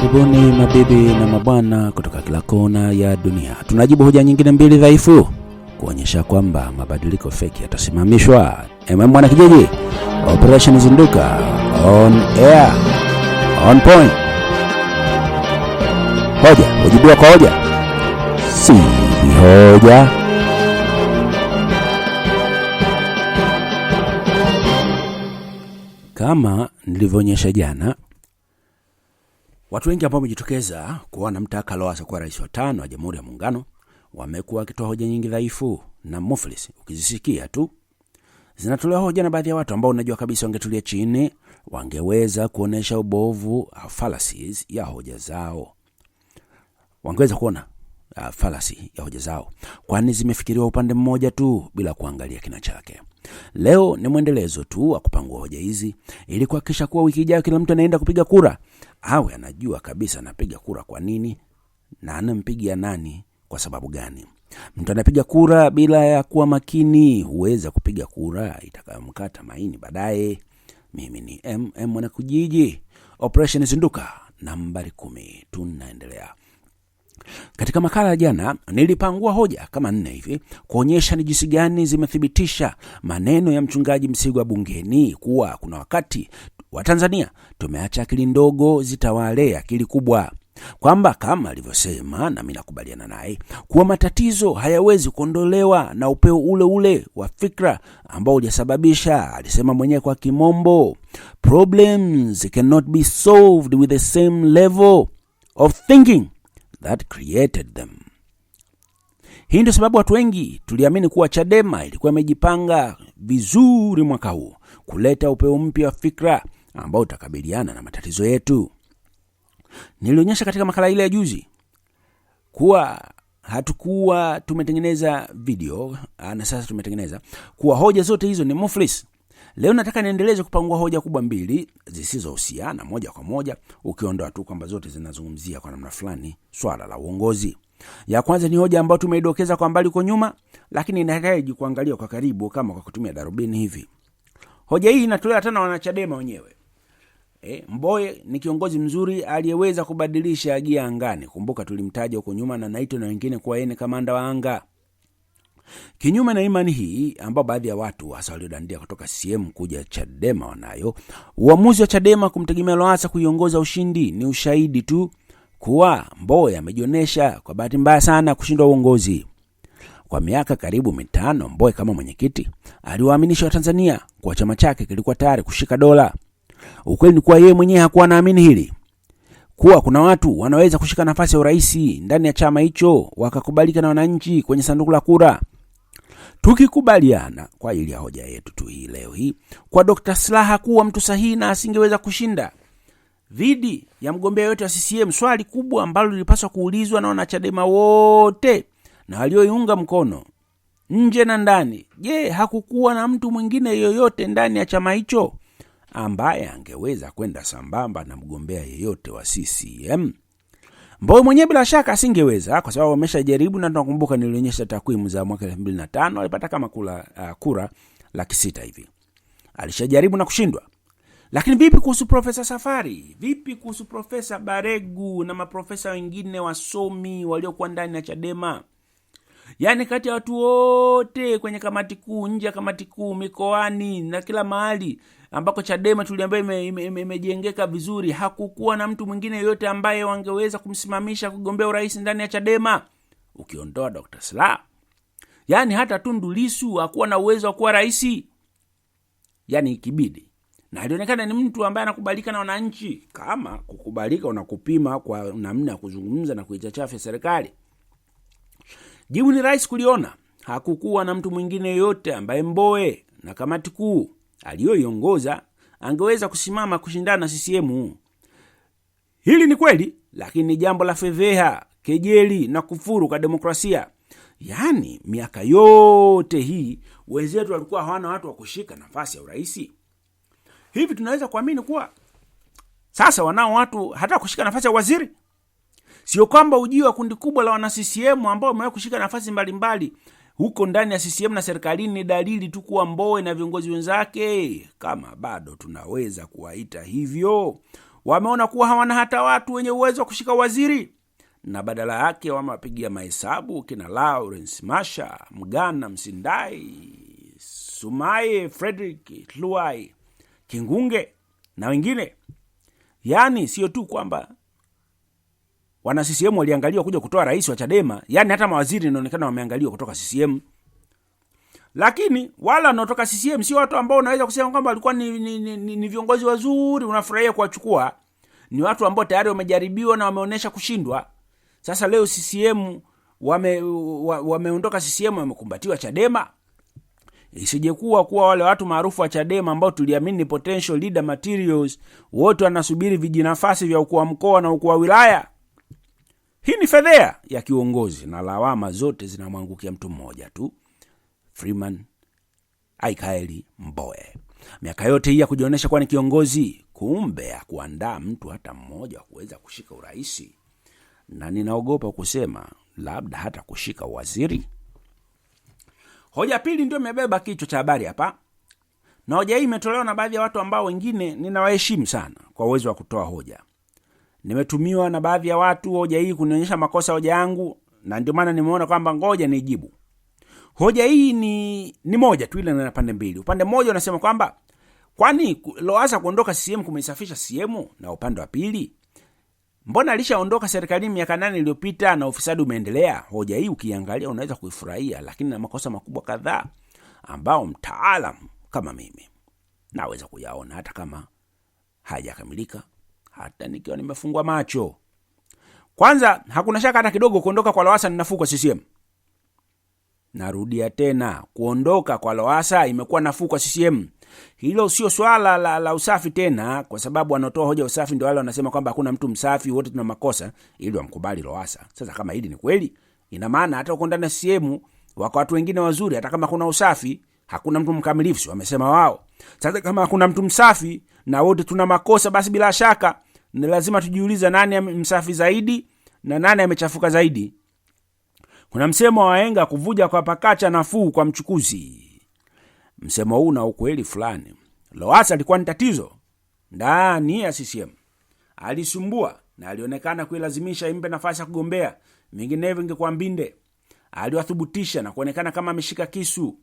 Karibuni mabibi na mabwana kutoka kila kona ya dunia. Tunajibu hoja nyingine mbili dhaifu kuonyesha kwamba mabadiliko feki yatasimamishwa. Mwana Mwanakijiji, Operation Zinduka, on air, on point. Hoja hujibiwa kwa hoja, si hoja kama nilivyoonyesha jana. Watu wengi ambao wamejitokeza kuona mtaka Lowassa kuwa rais wa tano wa Jamhuri ya Muungano wamekuwa wakitoa hoja nyingi dhaifu na muflis, ukizisikia tu zinatolewa hoja na baadhi ya watu ambao unajua kabisa wangetulia chini, wangeweza kuonesha ubovu uh, fallacies ya hoja zao, wangeweza kuona uh, falasi ya hoja zao, kwani zimefikiriwa upande mmoja tu bila kuangalia kina chake. Leo ni mwendelezo tu wa kupangua hoja hizi ili kuhakikisha kuwa wiki ijayo kila mtu anaenda kupiga kura awe anajua kabisa anapiga kura kwa nini na anampigia nani kwa sababu gani. Mtu anapiga kura bila ya kuwa makini, huweza kupiga kura itakayomkata maini baadaye. Mimi ni MM Mwanakijiji, operation Zinduka nambari kumi. Tunaendelea katika makala ya jana, nilipangua hoja kama nne hivi kuonyesha ni jinsi gani zimethibitisha maneno ya mchungaji Msigwa bungeni kuwa kuna wakati Watanzania tumeacha akili ndogo zitawale akili kubwa, kwamba kama alivyosema, nami nakubaliana naye kuwa matatizo hayawezi kuondolewa na upeo ule ule wa fikra ambao ulisababisha Alisema mwenyewe kwa kimombo, problems cannot be solved with the same level of thinking that created them. Hii ndio sababu watu wengi tuliamini kuwa Chadema ilikuwa imejipanga vizuri mwaka huu kuleta upeo mpya wa fikra ambao utakabiliana na matatizo yetu. Nilionyesha katika makala ile ya juzi kuwa hatukuwa tumetengeneza video ah, na sasa tumetengeneza kuwa hoja zote hizo ni muflis. Leo nataka niendeleze kupangua hoja kubwa mbili zisizohusiana moja kwa moja, ukiondoa tu kwamba zote zinazungumzia kwa namna fulani swala la uongozi. Ya kwanza ni hoja ambayo tumeidokeza kwa mbali huko nyuma, lakini inahitaji kuangalia kwa karibu, kama kwa kutumia darubini hivi. Hoja hii inatolewa tena wanachadema wenyewe E, eh, Mboye ni kiongozi mzuri aliyeweza kubadilisha gia angani. Kumbuka tulimtaja huko nyuma na Naito na wengine kuwa yeye ni kamanda wa anga. Kinyume na imani hii ambao baadhi ya watu hasa waliodandia kutoka CCM kuja Chadema wanayo, uamuzi wa Chadema kumtegemea Lowassa kuiongoza ushindi ni ushahidi tu kuwa Mboye amejionyesha kwa bahati mbaya sana kushindwa uongozi. Kwa miaka karibu mitano, Mboye kama mwenyekiti aliwaaminisha Watanzania kuwa chama chake kilikuwa tayari kushika dola. Ukweli ni kuwa yeye mwenyewe hakuwa naamini hili, kuwa kuna watu wanaweza kushika nafasi ya urais ndani ya chama hicho wakakubalika na wananchi kwenye sanduku la kura. Tukikubaliana kwa ajili ya hoja yetu tu hii leo hii, kwa Dr. Slaa kuwa mtu sahihi na asingeweza kushinda dhidi ya mgombea yote wa CCM, swali kubwa ambalo lilipaswa kuulizwa na wanachadema wote na walioiunga mkono nje na ndani, je, hakukuwa na mtu mwingine yoyote ndani ya chama hicho ambaye angeweza kwenda sambamba na mgombea yeyote wa CCM. Mbowe mwenyewe bila shaka asingeweza kwa sababu ameshajaribu, na tunakumbuka nilionyesha takwimu za mwaka 2005 alipata kama kula, uh, kura laki sita hivi, alishajaribu na kushindwa. Lakini vipi kuhusu Profesa Safari? Vipi kuhusu Profesa Baregu na maprofesa wengine wasomi waliokuwa ndani ya Chadema? Yaani, kati ya watu wote kwenye kamati kuu, nje ya kamati kuu, mikoani na kila mahali, ambako Chadema tuliambiwa imejengeka ime, ime vizuri. Hakukuwa na mtu mwingine yoyote ambaye wangeweza kumsimamisha kugombea urais ndani ya Chadema ukiondoa Dr. sla yani hata Tundu Lissu hakuwa na uwezo wa kuwa rais, yani ikibidi na alionekana ni mtu ambaye anakubalika na wananchi. Kama kukubalika unakupima kwa namna ya kuzungumza na kuichachafya serikali, jibu ni rahisi kuliona. Hakukuwa na mtu mwingine yoyote ambaye mboe na kamati kuu aliyoiongoza angeweza kusimama kushindana CCM. Hili ni kweli, lakini ni jambo la fedheha, kejeli na kufuru kwa demokrasia. Yaani, miaka yote hii wenzetu walikuwa hawana watu wa kushika nafasi ya urais. Hivi tunaweza kuamini kuwa sasa wanao watu hata kushika nafasi ya waziri? Sio kwamba ujio wa kundi kubwa la wana CCM ambao wamewahi kushika nafasi mbalimbali huko ndani ya CCM na serikalini ni dalili tu kuwa Mbowe na viongozi wenzake, kama bado tunaweza kuwaita hivyo, wameona kuwa hawana hata watu wenye uwezo wa kushika waziri, na badala yake wamewapigia mahesabu kina Lawrence Masha, Mgana, Msindai, Sumaye, Frederick luai Kingunge na wengine. Yaani sio tu kwamba wana CCM waliangaliwa kuja kutoa rais wa Chadema, yani hata mawaziri inaonekana wameangaliwa kutoka CCM. Lakini wala wanaotoka CCM sio watu ambao unaweza kusema kwamba walikuwa ni, ni, ni, ni ni viongozi wazuri unafurahia kuwachukua. Ni watu ambao tayari wamejaribiwa na wameonyesha kushindwa. Sasa leo CCM wame wameondoka CCM wamekumbatiwa Chadema. Isijekuwa kuwa wale watu maarufu wa Chadema ambao tuliamini ni potential leader materials wote wanasubiri vijinafasi vya ukuu wa mkoa na ukuu wa wilaya hii ni fedhea ya kiongozi na lawama zote zinamwangukia mtu mmoja tu, Freeman Aikaeli mboe Miaka yote hii ya kujionyesha kuwa ni kiongozi, kumbe ya kuandaa mtu hata mmoja wa kuweza kushika urahisi na ninaogopa kusema labda hata kushika uwaziri. Hoja pili ndio imebeba kichwa cha habari hapa, na hoja hii imetolewa na baadhi ya watu ambao wengine ninawaheshimu sana kwa uwezo wa kutoa hoja nimetumiwa na baadhi ya watu hoja hii kunionyesha makosa hoja yangu, na ndio maana nimeona kwamba ngoja nijibu hoja hii. Ni ni moja tu, ile na pande mbili. Upande mmoja unasema kwamba kwani loasa kuondoka CCM kumeisafisha CCM, na upande wa pili mbona alishaondoka serikalini miaka nane iliyopita na ufisadi umeendelea. Hoja hii ukiangalia unaweza kuifurahia, lakini na makosa makubwa kadhaa ambao mtaalam kama mimi naweza kuyaona hata kama hajakamilika hata nikiwa nimefungwa macho. Kwanza, hakuna shaka hata kidogo kuondoka kwa lawasa ni nafuu kwa CCM. Narudia tena, kuondoka kwa lawasa imekuwa nafuu kwa CCM. Hilo sio swala la, la usafi tena, kwa sababu wanaotoa hoja usafi ndio wale wanasema kwamba hakuna mtu msafi, wote tuna makosa, ili wamkubali lowasa Sasa kama hili ni kweli, ina maana hata uko ndani ya CCM wako watu wengine wazuri, hata kama kuna usafi hakuna mtu mkamilifu, wamesema wao. Sasa kama hakuna mtu msafi na wote tuna makosa, basi bila shaka ni lazima tujiulize nani msafi zaidi na nani amechafuka zaidi. Kuna msemo waenga kuvuja kwa pakacha nafuu kwa mchukuzi. Msemo huu na ukweli fulani. Lowassa alikuwa ni tatizo ndani ya CCM, alisumbua na alionekana kuilazimisha impe nafasi ya kugombea, vinginevyo ingekuwa mbinde. Aliwathubutisha na kuonekana kama ameshika kisu.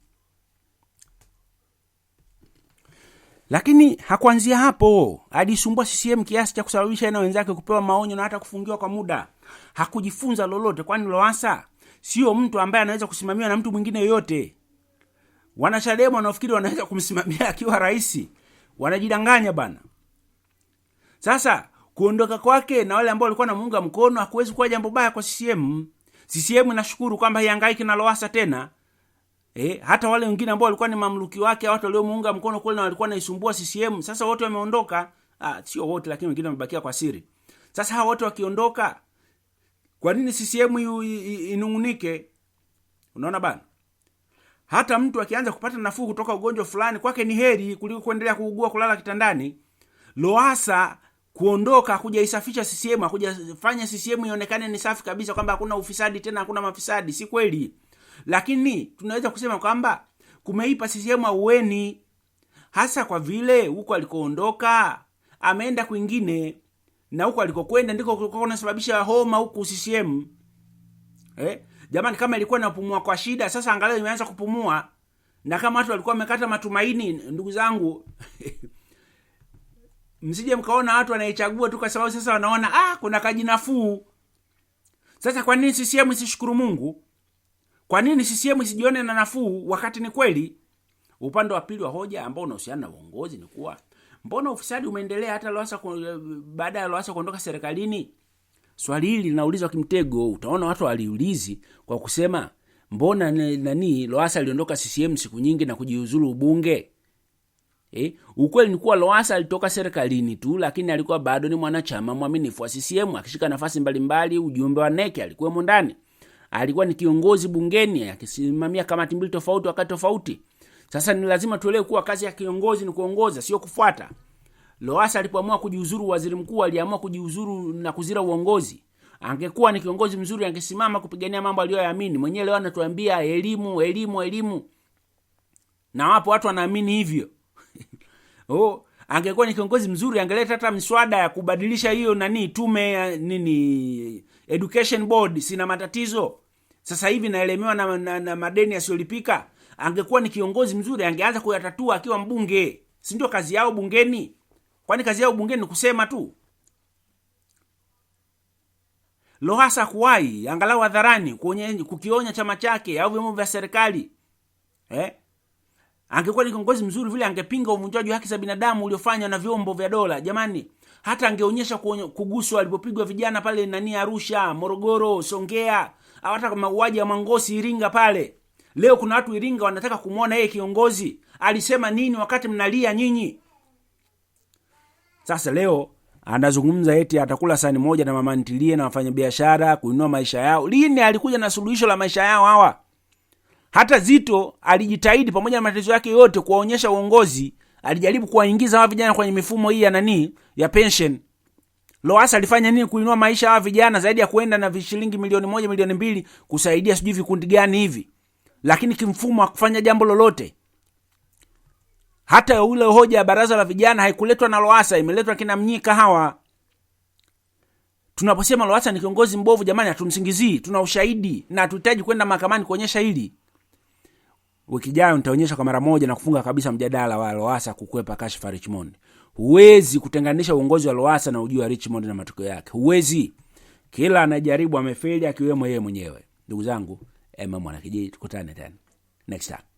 Lakini hakuanzia hapo, alisumbua CCM kiasi cha kusababisha na wenzake kupewa maonyo na hata kufungiwa kwa muda. Hakujifunza lolote, kwani loasa sio mtu ambaye anaweza kusimamiwa na mtu mwingine yoyote. Wanachadema wanaofikiri wanaweza kumsimamia akiwa rahisi wanajidanganya bana. Sasa kuondoka kwake na wale ambao walikuwa wanamuunga mkono hakuwezi kuwa jambo baya kwa CCM. CCM inashukuru kwamba haihangaiki na loasa tena, eh, hata wale wengine ambao walikuwa ni mamluki wake, watu waliomuunga mkono kule na walikuwa naisumbua CCM, sasa wote wameondoka. Ah, sio wote, lakini wengine wamebakia kwa siri. Sasa hawa wote wakiondoka, kwa nini CCM inung'unike? Unaona bana, hata mtu akianza kupata nafuu kutoka ugonjwa fulani, kwake ni heri kuliko kuendelea kuugua, kulala kitandani. Loasa kuondoka hakujaisafisha CCM, hakujafanya CCM ionekane ni safi kabisa, kwamba hakuna ufisadi tena, hakuna mafisadi. Si kweli lakini tunaweza kusema kwamba kumeipa CCM aueni, hasa kwa vile huko alikoondoka ameenda kwingine, na huko alikokwenda ndiko kulikuwa kunasababisha homa huku CCM. Eh, jamani, kama ilikuwa napumua kwa shida, sasa angalau imeanza kupumua, na kama watu walikuwa wamekata matumaini, ndugu zangu msije mkaona watu wanaichagua tu kwa sababu sasa wanaona ah, kuna kajinafuu. Sasa kwa nini CCM isishukuru Mungu? Kwa nini sisiemu isijione na nafuu wakati ni kweli? Upande wa pili wa hoja ambao unahusiana na uongozi ni kuwa mbona ufisadi umeendelea hata Lowassa eh, baada ya loasa kuondoka serikalini? Swali hili linaulizwa kimtego, utaona watu waliulizi kwa kusema mbona nani loasa aliondoka CCM siku nyingi na kujiuzulu ubunge? Eh, ukweli ni kuwa loasa alitoka serikalini tu, lakini alikuwa bado ni mwanachama mwaminifu wa CCM akishika nafasi mbalimbali. Ujumbe wa NEC alikuwemo ndani alikuwa ni kiongozi bungeni akisimamia kamati mbili tofauti wakati tofauti. Sasa ni lazima tuelewe kuwa kazi ya kiongozi ni kuongoza, sio kufuata. Lowassa alipoamua kujiuzuru waziri mkuu, aliamua kujiuzuru na kuzira uongozi. Angekuwa ni kiongozi mzuri, angesimama kupigania mambo aliyoyaamini mwenyewe. Leo anatuambia elimu, elimu, elimu, na wapo watu wanaamini hivyo oh, angekuwa ni kiongozi mzuri, angeleta hata miswada ya kubadilisha hiyo nani tume nini Education Board, sina matatizo sasa hivi naelemewa na, na, na madeni yasiyolipika. Angekuwa ni kiongozi mzuri, angeanza kuyatatua akiwa mbunge, sindio kazi yao bungeni? Kwani kazi yao bungeni ni kusema tu? lohasa kuwai angalau hadharani kukionya chama chake au vyombo vya serikali eh? Angekuwa ni kiongozi mzuri vile, angepinga uvunjwaji wa haki za binadamu uliofanywa na vyombo vya dola. Jamani, hata angeonyesha kuguswa alipopigwa vijana pale nani Arusha, Morogoro, Songea, hata mauaji ya Mwangosi Iringa pale. Leo kuna watu Iringa wanataka kumwona yeye kiongozi, alisema nini wakati mnalia nyinyi? Sasa leo anazungumza eti atakula sani moja na mamantilie ntilie na wafanyabiashara kuinua maisha yao. Lini alikuja na suluhisho la maisha yao hawa? Hata Zito alijitahidi pamoja na matatizo yake yote kuwaonyesha uongozi alijaribu kuwaingiza hawa vijana kwenye mifumo hii ya nani ya pension. loas alifanya nini kuinua maisha hawa vijana zaidi ya kuenda na vishilingi milioni moja milioni mbili kusaidia sijui vikundi gani hivi, lakini kimfumo akufanya jambo lolote. Hata ule hoja ya baraza la vijana haikuletwa na loasa imeletwa kina Mnyika hawa. Tunaposema loasa ni kiongozi mbovu, jamani, hatumsingizii, tuna ushahidi na hatuhitaji kwenda mahakamani kuonyesha hili wiki ijayo nitaonyesha kwa mara moja na kufunga kabisa mjadala wa loasa kukwepa kashfa Richmond. Huwezi kutenganisha uongozi wa loasa na ujuu wa Richmond na matokeo yake, huwezi. Kila anajaribu amefeli, akiwemo yeye mwenyewe. Ndugu zangu, Emma tukutane tena next time.